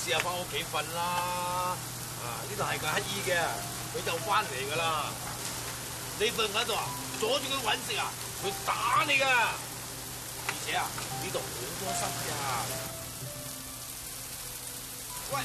試下翻屋企瞓啦，啊！呢度係個乞衣嘅，佢就翻嚟噶啦。你瞓喺度啊，阻住佢搵食啊，佢打你噶。而且啊，呢度好多濕呀。喂！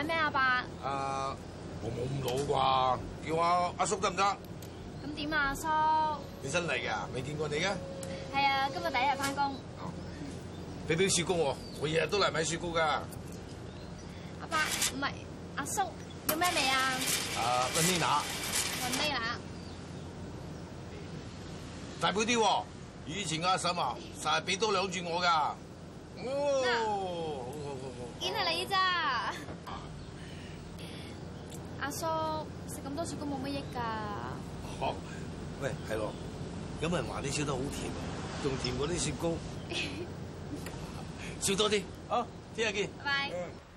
買咩阿伯？啊，我冇咁老啩，叫阿阿叔得唔得？咁點啊，哦、阿叔？你新嚟噶？未見過你嘅？係啊，今日第一日翻工。哦，你買雪糕喎，我日日都嚟買雪糕噶。阿伯，唔係，阿叔要咩味啊？誒，雲呢拿。雲呢拿。大杯啲，以前阿嬸啊，成日俾多兩住我噶。哦，好好好好。見下你咋？阿叔食咁多雪糕冇乜益㗎。哦，好喂，係咯，有冇人話你笑得好甜？仲甜過啲雪糕，， 笑多啲，好，聽日見，拜拜。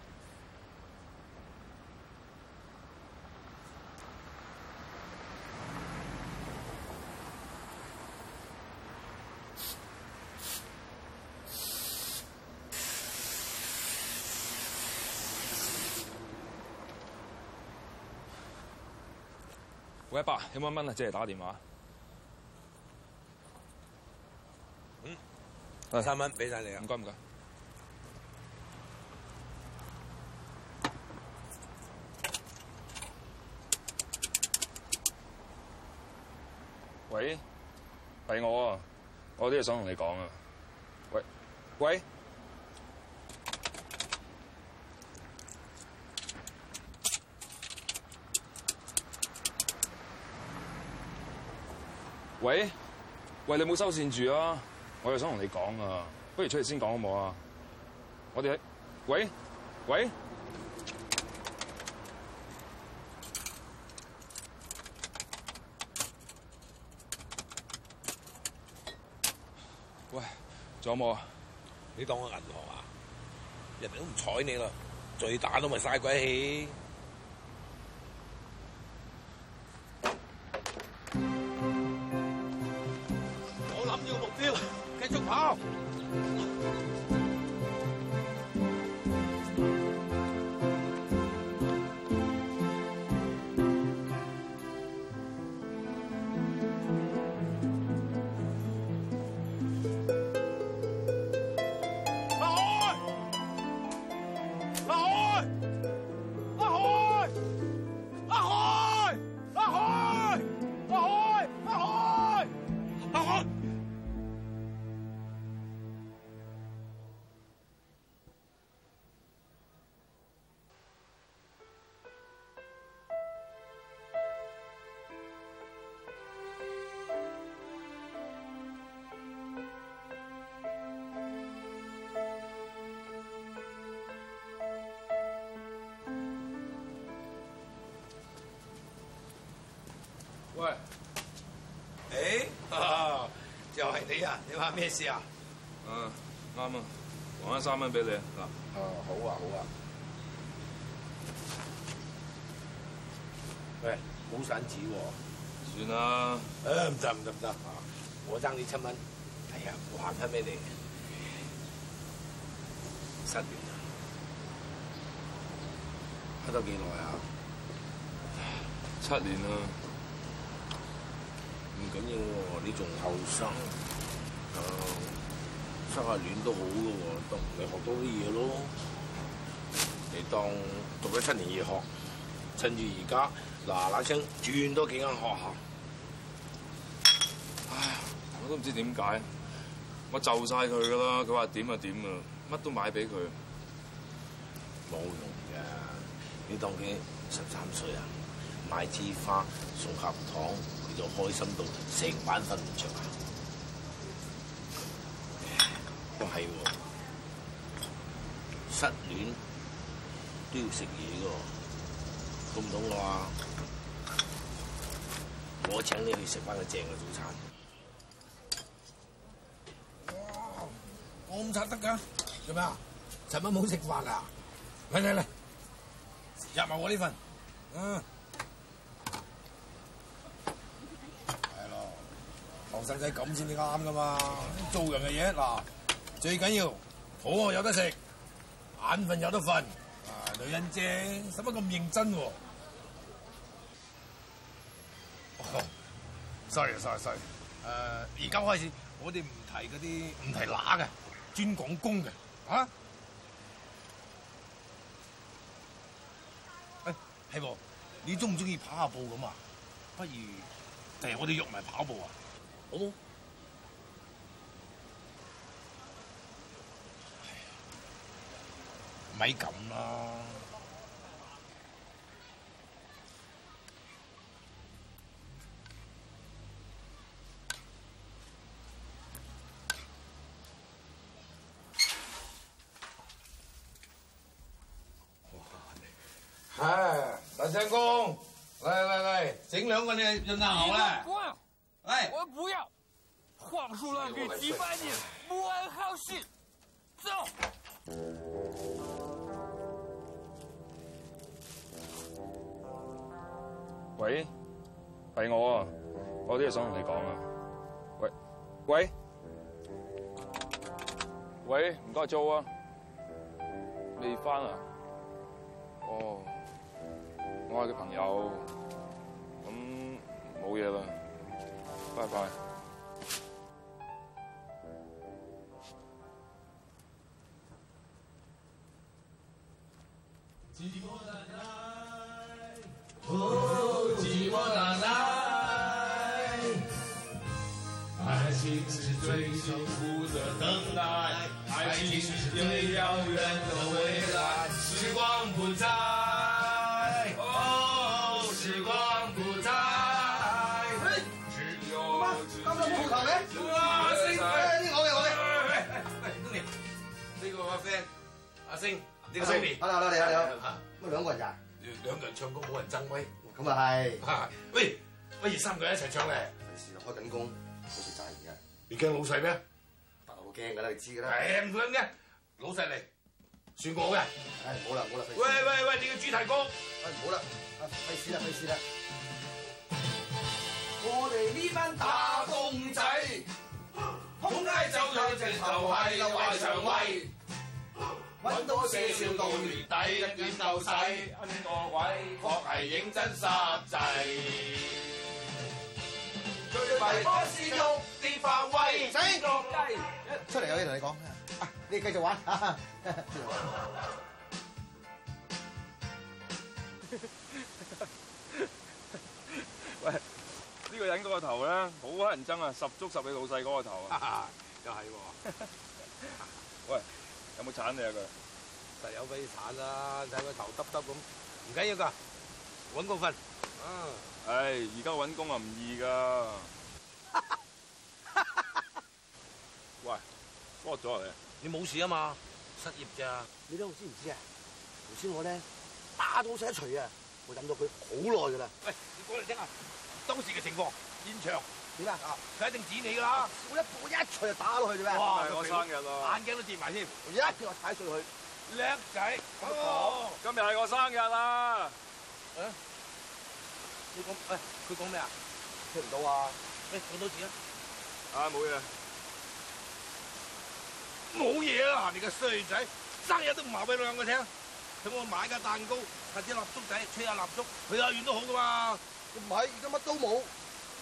五百，一百蚊啦，即係打電話。嗯，三蚊，俾晒唉你啊！唔該唔該。喂，係我，我啲嘢想同你講啊。喂，喂。喂，喂，你冇收線住啊！我又想同你講啊，不如出嚟先講好唔好啊？我哋，喂，喂，喂，仲有冇？你當我銀行啊？人哋都唔睬你啦，再打都咪嘥鬼氣。喂，誒、哎，就係你啊？你話咩事啊？啊啱啊，還翻三蚊俾你啊。好啊，好啊。喂，冇散紙喎。算啦了。誒、啊，唔得唔得唔得，我爭你七蚊。哎呀，我還返畀你，七年啦，喺度幾耐啊？七年啦。緊要喎、啊，你仲後、啊、生，哦，下亂都好嘅、啊、喎，當你學多啲嘢咯，你當讀咗七年夜學，趁住而家嗱嗱聲轉多幾間學校。唉，我都唔知點解，我就晒佢㗎啦。佢話點就點啊，乜都買俾佢，冇用嘅。你當佢十三歲啊，買支花送盒糖。就開心到成晚瞓唔著，唔係喎，失戀都要食嘢嘅喎，懂唔懂我啊？我請你去食返個正嘅早餐。哇！我唔插得㗎，做咩啊？尋晚冇食飯啊？嚟嚟嚟，廿萬碗米粉，嗯。使使咁先至啱噶嘛！做人嘅嘢嗱，最緊要好，有得食，眼瞓有得瞓。啊、呃，女人姐，使乜咁認真喎？好、oh，sorry sorry sorry，呃。誒，而家開始我，我哋唔提嗰啲唔提乸嘅，專講公嘅。啊？誒、哎，係喎，你中唔中意跑下步咁啊？不如，第日，我哋約埋跑步啊！咪咁啦！哇！嚟，係，大生公，嚟嚟嚟，整兩個你潤下喉啦。不要！黃鼠狼給雞拜年，不安好心。走。喂，係我啊，我有啲嘢想同你講啊。喂，喂，喂，唔該做啊。未返啊？哦，我係啲朋友，咁冇嘢啦。拜拜。Bye bye 寂寞難耐，哦，寂寞的愛。愛情是最幸福的等待，愛情是最遙遠的未來。呢個聲嚟，你好你好，咁兩個人咋？兩個人唱歌冇人爭威，咁啊係。喂，不如三個人一齊唱嘅。費事啦，開緊工，好，你驚老細咩？白頭佬驚噶啦，你知噶啦。係老細嚟，算我嘅。好啦好啦，喂喂喂，你個主題歌，唉，好啦，費事啦費事啦。我哋呢班打工仔，街走直頭係搵多四小道，月底，一卷斗使，搵多位確係認真殺制。最出嚟有嘢同你講，你繼續玩。續玩 喂，呢、這個人嗰個頭啦，好乞人憎啊，十足十嘅老細嗰個頭啊， 又係。喂。有冇鏟你啊佢？實有鬼鏟啦！睇佢頭耷耷咁，唔緊要噶，搵工瞓。唉、嗯，而家搵工啊唔易噶。 喂，多咗嚟。你冇事啊嘛？失業咋？你都知唔知啊？頭先我咧打到死一錘啊，我等到佢好耐噶啦。喂，你過嚟聽下，當時嘅情況，現場。點啊！佢一定指你噶啦！我一我一錘就打落去做咩？哇！我生日咯，眼鏡都跌埋添，我一腳踩碎佢，叻仔！今日係我生日啊！嗯？你講喂，佢講咩啊？聽唔到啊？喂，講多次啊？啊，冇嘢，冇嘢啊！你個衰仔，生日都唔話俾我兩個聽，等我買架蛋糕，插支蠟燭仔，吹下蠟燭，去下遠都好噶嘛！唔係而家乜都冇。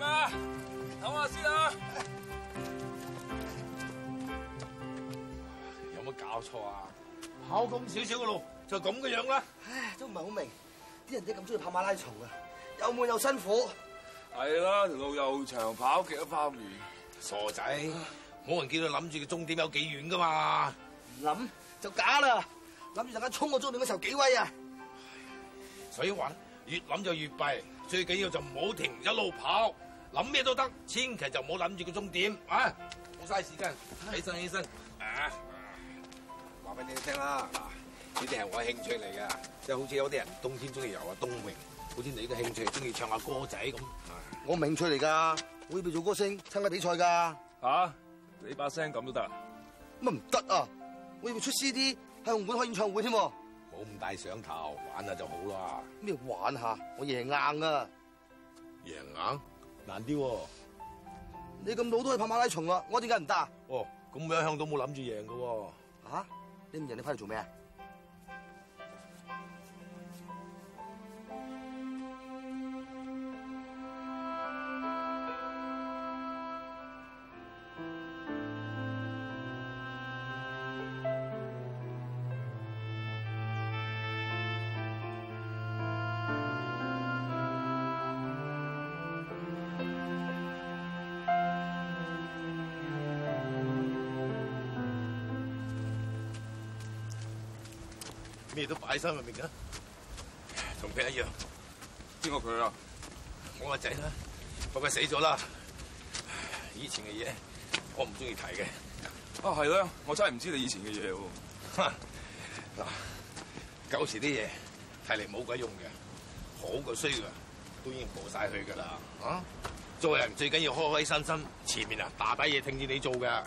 等下先啦，有冇搞錯啊？跑咁少少嘅路就咁、是、嘅樣啦？唉，都唔係好明，啲人都咁中意跑馬拉松啊，又悶又辛苦。係啦，條路又長，跑幾多翻唔完。傻仔，冇人叫你諗住個終點有幾遠噶嘛？唔諗就假啦，諗住陣間衝個終點嘅時候幾威啊！唉，所以話越諗就越弊，最緊要就唔好停，一路跑。諗咩都得，千祈就唔好諗住個終點啊！好嘥時間，起身起身啊！話、啊、俾你哋聽啦，呢啲係我嘅興趣嚟噶，即係好似有啲人冬天中意游下冬泳，好似你嘅興趣係中意唱下歌仔咁、啊。我興趣嚟噶，我要做歌星，參加比賽噶。吓、啊，你把聲咁都得？乜唔得啊？我要出 C D 喺紅館開演唱會添。好咁大上頭，玩下就好啦。咩玩下？我贏硬啊！贏硬？難啲喎，你咁老都去跑馬拉松啊，我點解唔得啊？哦，咁我一向都冇諗住贏嘅喎。吓，你唔贏你翻嚟做咩啊？咩都擺喺心入面噶，同佢一樣。知過佢啦，我個仔啦，不過死咗啦。以前嘅嘢，我唔中意睇嘅。哦、啊，係啦，我真係唔知道你以前嘅嘢。嗱， 舊時啲嘢睇嚟冇鬼用嘅，好過衰噶，都已經過晒去噶啦。啊，做人最緊要開開心心，前面啊，大把嘢聽住你做噶。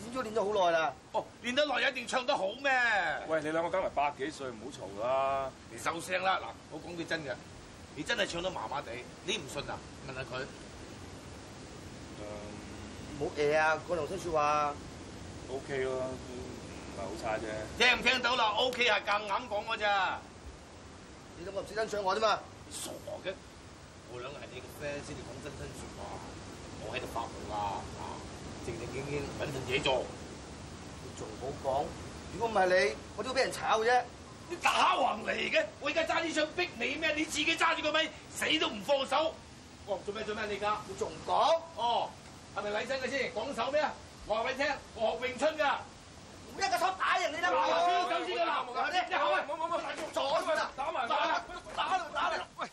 練咗練咗好耐啦，練哦，練得耐一定唱得好咩？喂，你兩個加埋百幾歲，唔好嘈啦。你收聲啦嗱，我講句真嘅，你真係唱得麻麻地，你唔信問問、嗯、啊？問下佢。嗯，冇嘢啊，講良心說，說話。O K 啦，唔係好差啫。聽唔聽到啦？O K 係夾硬講噶咋？你當我唔識欣賞我啫嘛？傻嘅，我兩係你嘅 f r i e n d 先至講真心說話啊，我喺度白話啊。正正經經搵份嘢做，你仲好講？如果唔係你，我都要俾人炒嘅啫！你打橫嚟嘅，我而家揸啲槍逼你咩？你自己揸住個咪，死都唔放手。哦，做咩做咩你而家？你仲講？哦，係咪嚟真嘅先？講手咩？話俾你聽？我學詠春噶，一個手打贏你得唔得？打邊個手指嘅啦？你你口打冇冇打左啊！打埋打打打到打到，喂！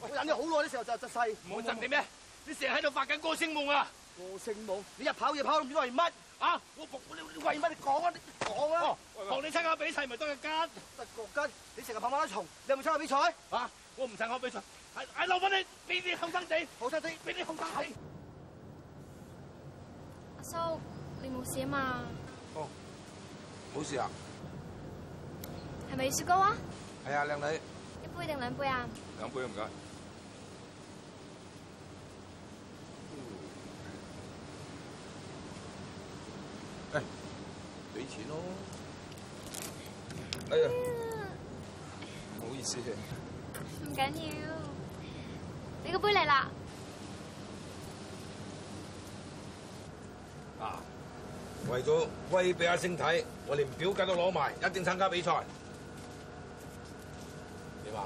我忍咗好耐，呢時候就就窒勢。我窒你咩？你成日喺度發緊歌星夢啊！我姓武，你日跑夜跑唔知，為乜啊？我服你為乜？你講啊，你講啊！同你參加比賽咪得個吉，得個吉！你成日跑馬拉松，你有冇參加比賽啊？我唔參加比賽。係係，老闆你俾啲後生仔、後生仔，俾啲後生仔。阿叔，你冇事啊嘛？哦，冇事啊？係咪雪糕啊？係啊，靚女。一杯定兩杯啊？兩杯唔該。哎，俾錢咯！哎呀，唔好意思，唔緊要，你個杯嚟啦。啊，為咗威俾阿勝睇，我連表格都攞埋，一定參加比賽。點啊？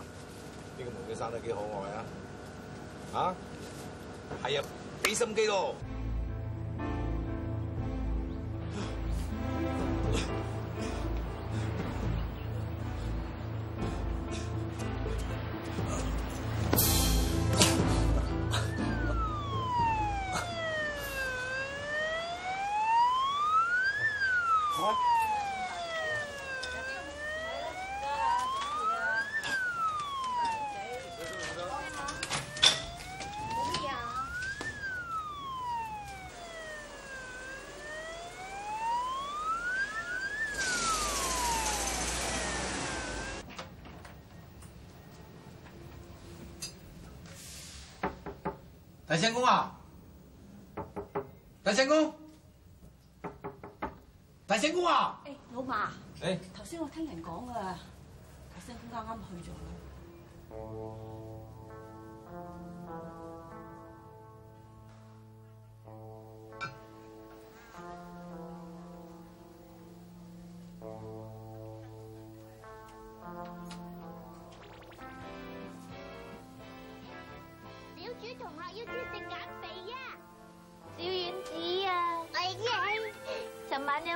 呢個毛女生得幾可愛啊！啊，係啊，俾心機咯。大聖公啊！大聖公！大聖公啊！誒，老馬，誒、欸，頭先我聽人講㗎，大聖公啱啱去咗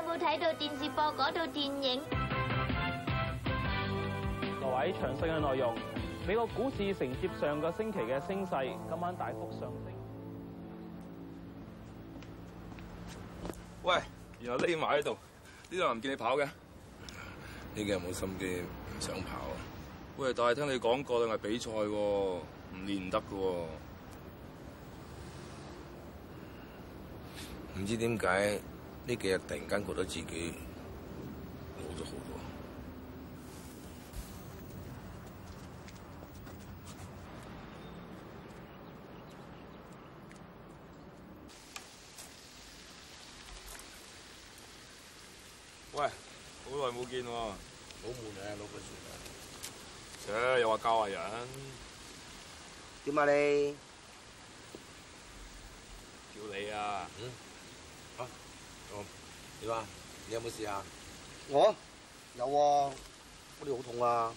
冇睇到電視播嗰套電影。各位，詳細嘅內容，美國股市承接上個星期嘅升勢，今晚大幅上升。喂，原來匿埋喺度，呢度唔見你跑嘅，呢幾日冇心機，唔想跑啊！喂，但係聽你講過，係比賽喎，唔練唔得嘅喎，唔知點解。呢幾日突然間覺得自己好咗好多。喂，好耐冇見喎，好悶啊，攞個錘啊，啫又話教下人，點啊你？叫你啊。點啊？你有冇事啊？我有啊，我哋好痛啊。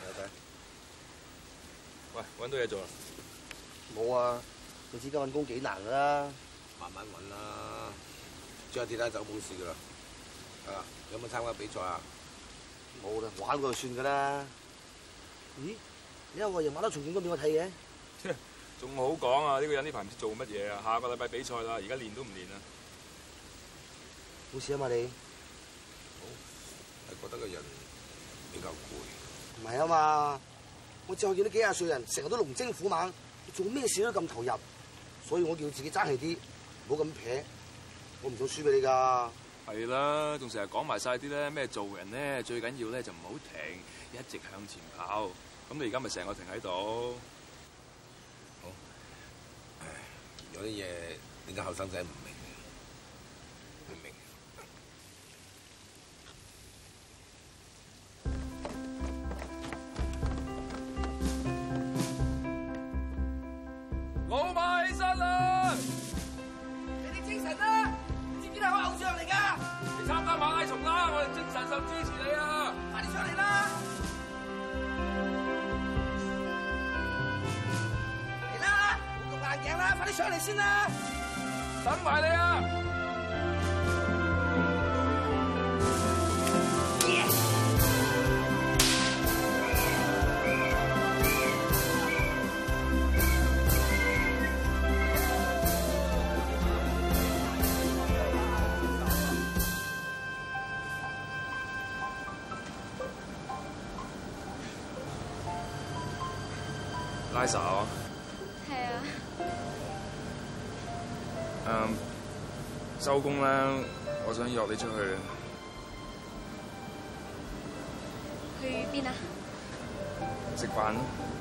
係咩？喂，搵到嘢做啦？冇啊，總之搵工幾難噶啦。慢慢搵啦。將跌梯走冇事噶啦。啊，有冇參加比賽啊？冇啦，玩過就算噶啦。咦？你阿華又買得重，短褲俾我睇嘅？切，仲好講啊！呢個人呢排唔知做乜嘢啊？下個禮拜比賽啦，而家練都唔練啊。冇事啊嘛你，係、哦、覺得個人比較攰？唔係啊嘛，我淨係見到幾廿歲人成日都龍精虎猛，做咩事都咁投入，所以我叫自己爭氣啲，唔好咁撇，我唔想輸俾你噶。係啦，仲成日講埋晒啲咧咩做人咧最緊要咧就唔好停，一直向前跑。咁你而家咪成個停喺度？好，唉，有啲嘢點解後生仔唔明？Lisa，係啊。嗯，收工咧，我想約你出去。去邊啊？食飯。